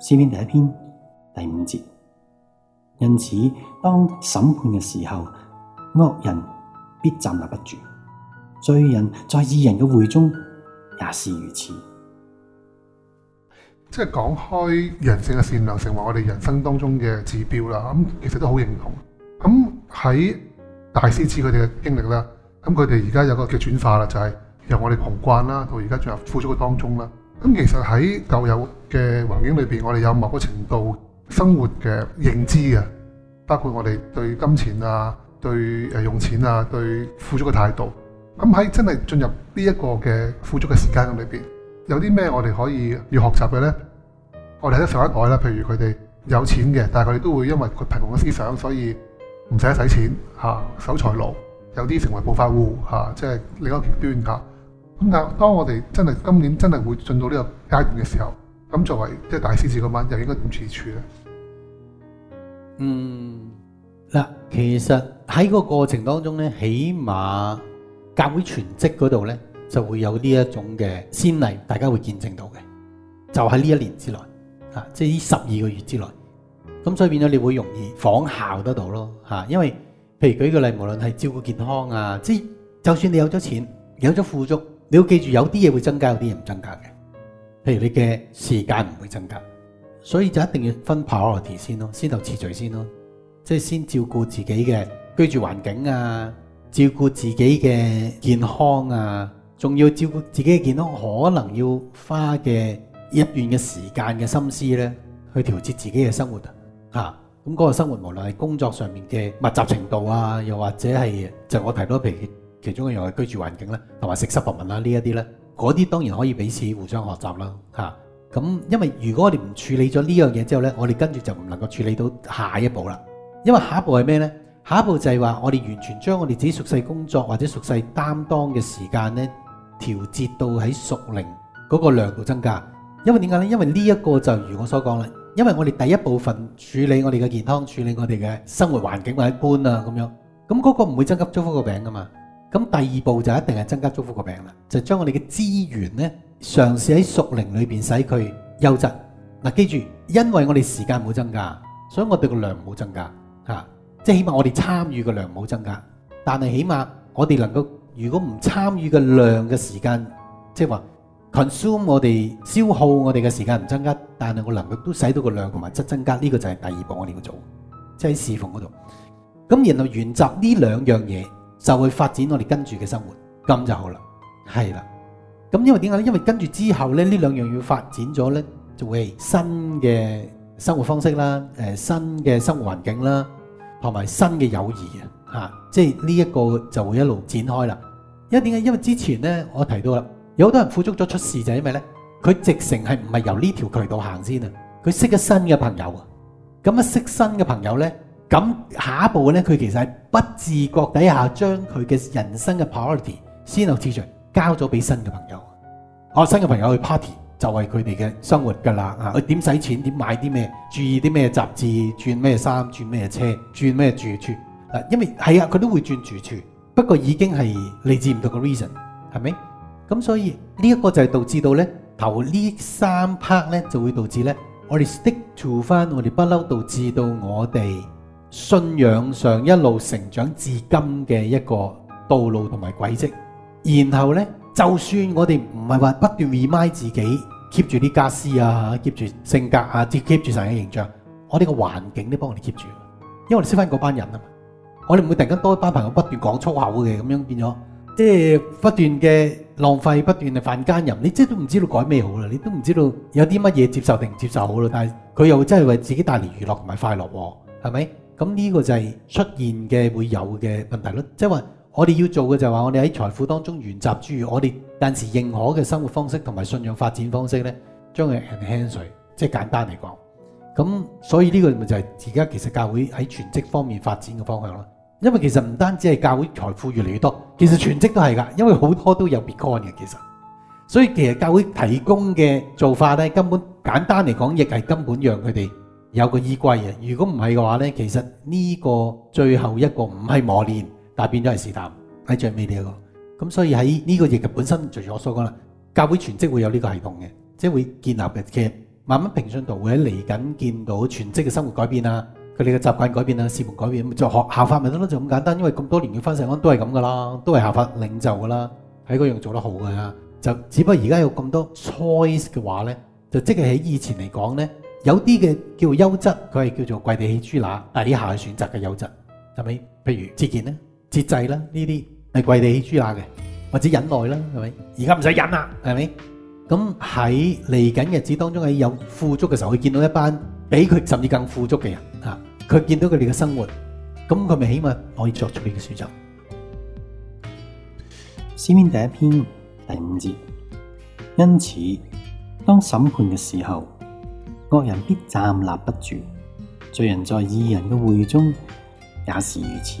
詩篇第一篇第五節，因此當審判嘅時候，惡人必站立不住；罪人在義人嘅會中也是如此。即係講開，人性嘅善良成為我哋人生當中嘅指標啦。咁其實都好認同。咁喺大師知佢哋嘅經歷啦，咁佢哋而家有個嘅轉化啦，就係、是、由我哋窮慣啦，到而家進入富足嘅當中啦。咁其實喺舊有嘅環境裏邊，我哋有某個程度生活嘅認知嘅，包括我哋對金錢啊、對誒用錢啊、對富足嘅態度。咁喺真係進入呢一個嘅富足嘅時間咁裏邊，有啲咩我哋可以要學習嘅咧？我哋喺上一代啦，譬如佢哋有錢嘅，但係佢哋都會因為佢貧窮嘅思想，所以。唔使使錢嚇，守財奴，有啲成為暴發戶嚇，即係另一個極端嚇。咁但係當我哋真係今年真係會進到呢個階段嘅時候，咁作為即係大司事嗰晚，又應該點處處咧？嗯，嗱，其實喺個過程當中咧，起碼教會全職嗰度咧就會有呢一種嘅先例，大家會見證到嘅，就喺呢一年之內啊，即係呢十二個月之內。咁所以變咗你會容易仿效得到咯嚇，因為，譬如舉個例，無論係照顧健康啊，即就算你有咗錢、有咗富足，你要記住有啲嘢會增加，有啲嘢唔增加嘅。譬如你嘅時間唔會增加，所以就一定要分 priority 先咯，先頭次序先咯，即係先照顧自己嘅居住環境啊，照顧自己嘅健康啊，仲要照顧自己嘅健康可能要花嘅一段嘅時間嘅心思咧，去調節自己嘅生活。嚇、啊，咁、那、嗰個生活無論係工作上面嘅密集程度啊，又或者係就我提到譬如其中一樣嘅居住環境咧、啊，同埋食宿文明、啊、啦呢一啲咧，嗰啲當然可以彼此互相學習啦、啊。嚇、啊，咁因為如果我哋唔處理咗呢樣嘢之後咧，我哋跟住就唔能夠處理到下一步啦。因為下一步係咩咧？下一步就係話我哋完全將我哋自己熟悉工作或者熟悉擔當嘅時間咧，調節到喺熟齡嗰個量度增加。因為點解咧？因為呢一個就如我所講啦。因為我哋第一部分處理我哋嘅健康，處理我哋嘅生活環境或者一般啊咁樣，咁、那、嗰個唔會增加祝福個餅噶嘛。咁第二步就一定係增加祝福個餅啦，就將我哋嘅資源呢嘗試喺熟齡裏邊使佢優質。嗱記住，因為我哋時間冇增加，所以我哋個量冇增加嚇，即係起碼我哋參與嘅量冇增加，但係起碼我哋能夠如果唔參與嘅量嘅時間，即係話。consume 我哋消耗我哋嘅時間唔增加，但係我能夠都使到個量同埋質增加，呢個就係第二步我哋要做，即係喺侍奉嗰度。咁然後原則呢兩樣嘢就會發展我哋跟住嘅生活，咁就好啦，係啦。咁因為點解咧？因為跟住之後咧，呢兩樣要發展咗咧，就會係新嘅生活方式啦，誒，新嘅生活環境啦，同埋新嘅友誼啊，吓，即係呢一個就會一路展開啦。因為點解？因為之前咧，我提到啦。有好多人富足咗出事，就因為咧？佢直成係唔係由呢條渠道行先啊？佢識咗新嘅朋友，咁一識新嘅朋友咧，咁下一步咧，佢其實係不自覺底下將佢嘅人生嘅 priority 先頭次序交咗俾新嘅朋友。哦，新嘅朋友去 party 就係佢哋嘅生活噶啦啊！佢點使錢？點買啲咩？注意啲咩雜誌？轉咩衫？轉咩車？轉咩住處嗱？因為係啊，佢都會轉住處，不過已經係嚟自唔同嘅 reason，係咪？是咁所以呢一個就係導致到咧頭呢三 part 咧，就會導致咧我哋 stick to 翻我哋不嬲，導致到我哋信仰上一路成長至今嘅一個道路同埋軌跡。然後咧，就算我哋唔係話不不斷 remind 自己 keep 住啲家私啊，keep 住性格啊，keep 住神嘅形象，我哋個環境都幫我哋 keep 住，因為我哋識翻嗰班人啊嘛。我哋唔會突然間多一班朋友不斷講粗口嘅，咁樣變咗即係不斷嘅。浪費不斷啊，犯奸淫，你即係都唔知道改咩好啦，你都唔知道有啲乜嘢接受定唔接受好啦。但係佢又真係為自己帶嚟娛樂同埋快樂，係咪？咁呢個就係出現嘅會有嘅問題咯。即係話我哋要做嘅就係話，我哋喺財富當中原集之餘，我哋暫時認可嘅生活方式同埋信仰發展方式呢，將佢 enhance 住，即係簡單嚟講。咁所以呢個咪就係而家其實教會喺全職方面發展嘅方向咯。因為其實唔單止係教會財富越嚟越多，其實全職都係噶因為好多都有 bacon 嘅，其實，所以其實教會提供嘅做法咧，根本簡單嚟講，亦係根本讓佢哋有個衣櫃啊。如果唔係嘅話咧，其實呢個最後一個唔係磨練，但變咗係試探喺最尾嘅，咁所以喺呢個亦嘅本身，正如我所講啦，教會全職會有呢個系統嘅，即係會建立嘅，其實慢慢平信徒會喺嚟緊見到全職嘅生活改變啦。佢哋嘅習慣改變啦，視門改變，改變就學校法咪得咯，就咁簡單。因為咁多年嘅翻士安都係咁噶啦，都係校法領袖噶啦，喺嗰樣做得好嘅。就只不過而家有咁多 choice 嘅話咧，就即係喺以前嚟講咧，有啲嘅叫做優質，佢係叫做跪地起豬乸，係呢下嘅選擇嘅優質，係咪？譬如節儉咧、節制啦，呢啲係跪地起豬乸嘅，或者忍耐啦，係咪？而家唔使忍啦，係咪？咁喺嚟緊日子當中喺有富足嘅時候，會見到一班比佢甚至更富足嘅人。佢見到佢哋嘅生活，咁佢咪起碼可以作出呢個選擇。詩篇第一篇第五節，因此當審判嘅時候，惡人必站立不住；罪人在義人嘅會中也是如此。